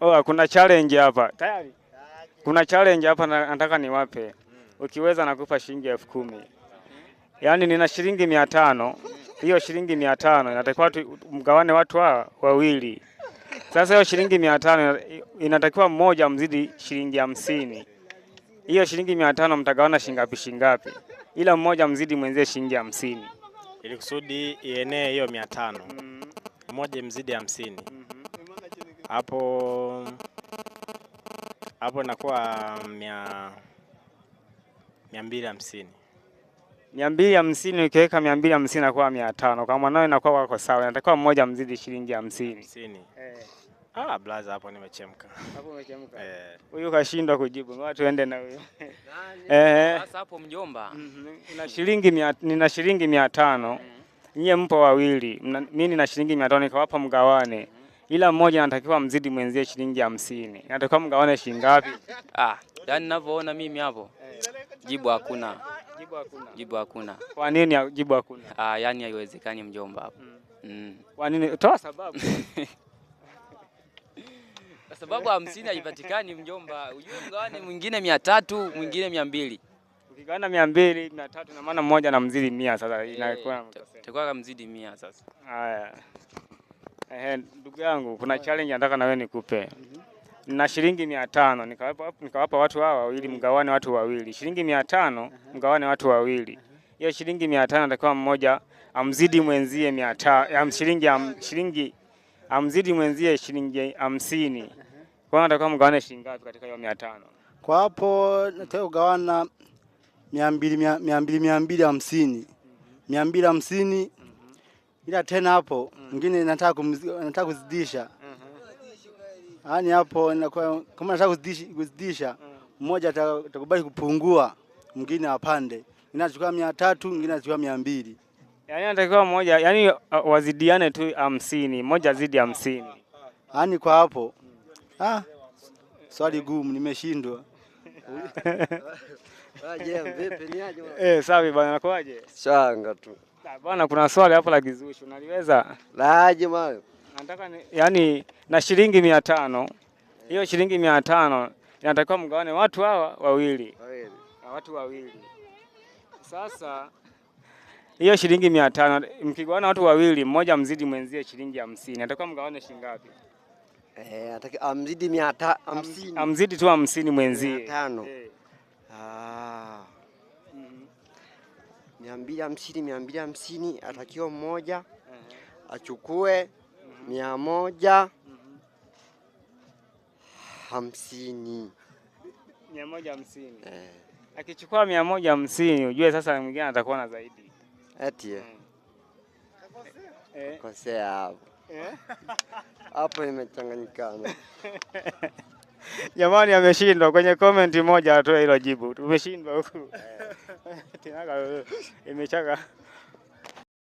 Oh, kuna challenge hapa tayari, kuna challenge hapa nataka niwape. Ukiweza nakupa shilingi elfu kumi yaani nina shilingi mia tano hiyo shilingi mia tano inatakiwa mgawane watu wa wawili. Sasa hiyo shilingi mia tano inatakiwa mmoja mzidi shilingi hamsini hiyo shilingi mia tano mtagawana shingapi shingapi, ila mmoja mzidi mwenzie shilingi hamsini ili kusudi ienee hiyo mia tano mm. mmoja mzidi hamsini. Mm hapo hapo nakuwa mia mia mbili hamsini mia mbili hamsini ukiweka mia mbili hamsini nakuwa mia tano kwa mwanao inakuwa wako sawa, inatakiwa mmoja mzidi shilingi hamsini. Eh. Ah, blaza hapo nimechemka. Hapo umechemka. Eh. kashindwa kujibu. Watu waende na huyo. Eh. Sasa hapo mjomba. Mhm. Nina shilingi mia, nina shilingi mia tano. Eh. Nyie mpo wawili. Mimi nina shilingi mia tano nikawapa mgawane. Mm -hmm ila mmoja anatakiwa mzidi mwenzie shilingi hamsini. Natakiwa mgawane shilingi ngapi? Ah, yani ninavyoona mimi hapo jibu hakuna. Jibu hakuna. Jibu hakuna. Kwa nini jibu hakuna? Ah, yani haiwezekani mjomba hapo. Mm. Mm. Kwa nini? Toa sababu. Kwa sababu hamsini haipatikani mjomba. Ujue mgawane mwingine mia tatu, mwingine mia mbili. Ukigawana mia mbili mia tatu, na maana mmoja anamzidi mia, sasa inakuwa itakuwa eh, kama mzidi mia sasa. Haya. Eh, ndugu yangu kuna challenge nataka na wewe nikupe. Na shilingi mia tano nikawapa nikawapa watu hawa wawili mgawane watu wawili. Shilingi mia tano mgawane watu wawili. Hiyo shilingi mia tano atakiwa mmoja amzidi mwenzie 500 am shilingi am, shilingi amzidi mwenzie shilingi hamsini. Kwa hiyo atakiwa mgawane shilingi ngapi katika hiyo mia tano? Kwa hapo nataka kugawana 200 200 250. 250 mia mbili hamsini mia mbili hamsini ila tena hapo mwingine mm. nataka nataka kuzidisha -hmm. yani hapo -hmm. kama nataka kuzidisha mmoja mm. atakubali kupungua mwingine apande inachukua mia tatu mwingine anachukua mia mbili yaani anatakiwa mmoja yani wazidiane tu hamsini mmoja zidi hamsini yani kwa hapo ah, swali gumu nimeshindwa Eh, sawa bwana, nakuaje? Changa tu. Bwana, kuna swali hapo la kizushi, unaliweza? Laje mawe. Nataka ni, yani na shilingi mia tano hiyo shilingi mia tano inatakiwa mgawane watu hawa wawili wawili, watu wawili. Sasa hiyo shilingi mia tano mkigawana watu wawili, mmoja mzidi mwenzie shilingi hamsini, natakiwa mgawane shilingi ngapi? Eh, amzidi amzidi tu hamsini mwenzie mia tano. E. mia mbili hamsini mia mbili hamsini atakiwa mmoja mm-hmm. achukue mm-hmm. mia moja mm-hmm. hamsini mia moja hamsini eh. Akichukua mia moja hamsini ujue sasa mwingine atakuwa na zaidi eti mm. eh. Eh. Kosea hapo eh? hapo nimechanganyikana. Jamani, ameshindwa kwenye komenti moja atoe hilo jibu, tumeshindwa huku. Eh. 挺那个，也没差个。